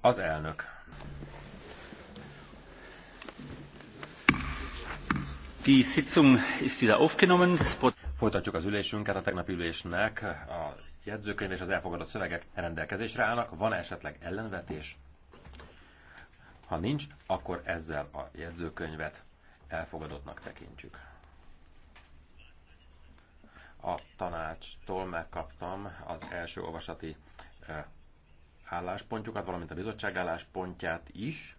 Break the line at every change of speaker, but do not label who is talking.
Az elnök. Die Sitzung ist wieder aufgenommen. Folytatjuk az ülésünket a tegnapi ülésnek. A jegyzőkönyv és az elfogadott szövegek rendelkezésre állnak. Van -e esetleg ellenvetés? Ha nincs, akkor ezzel a jegyzőkönyvet elfogadottnak tekintjük. tanácstól megkaptam az első olvasati eh, álláspontjukat, valamint a bizottság álláspontját is.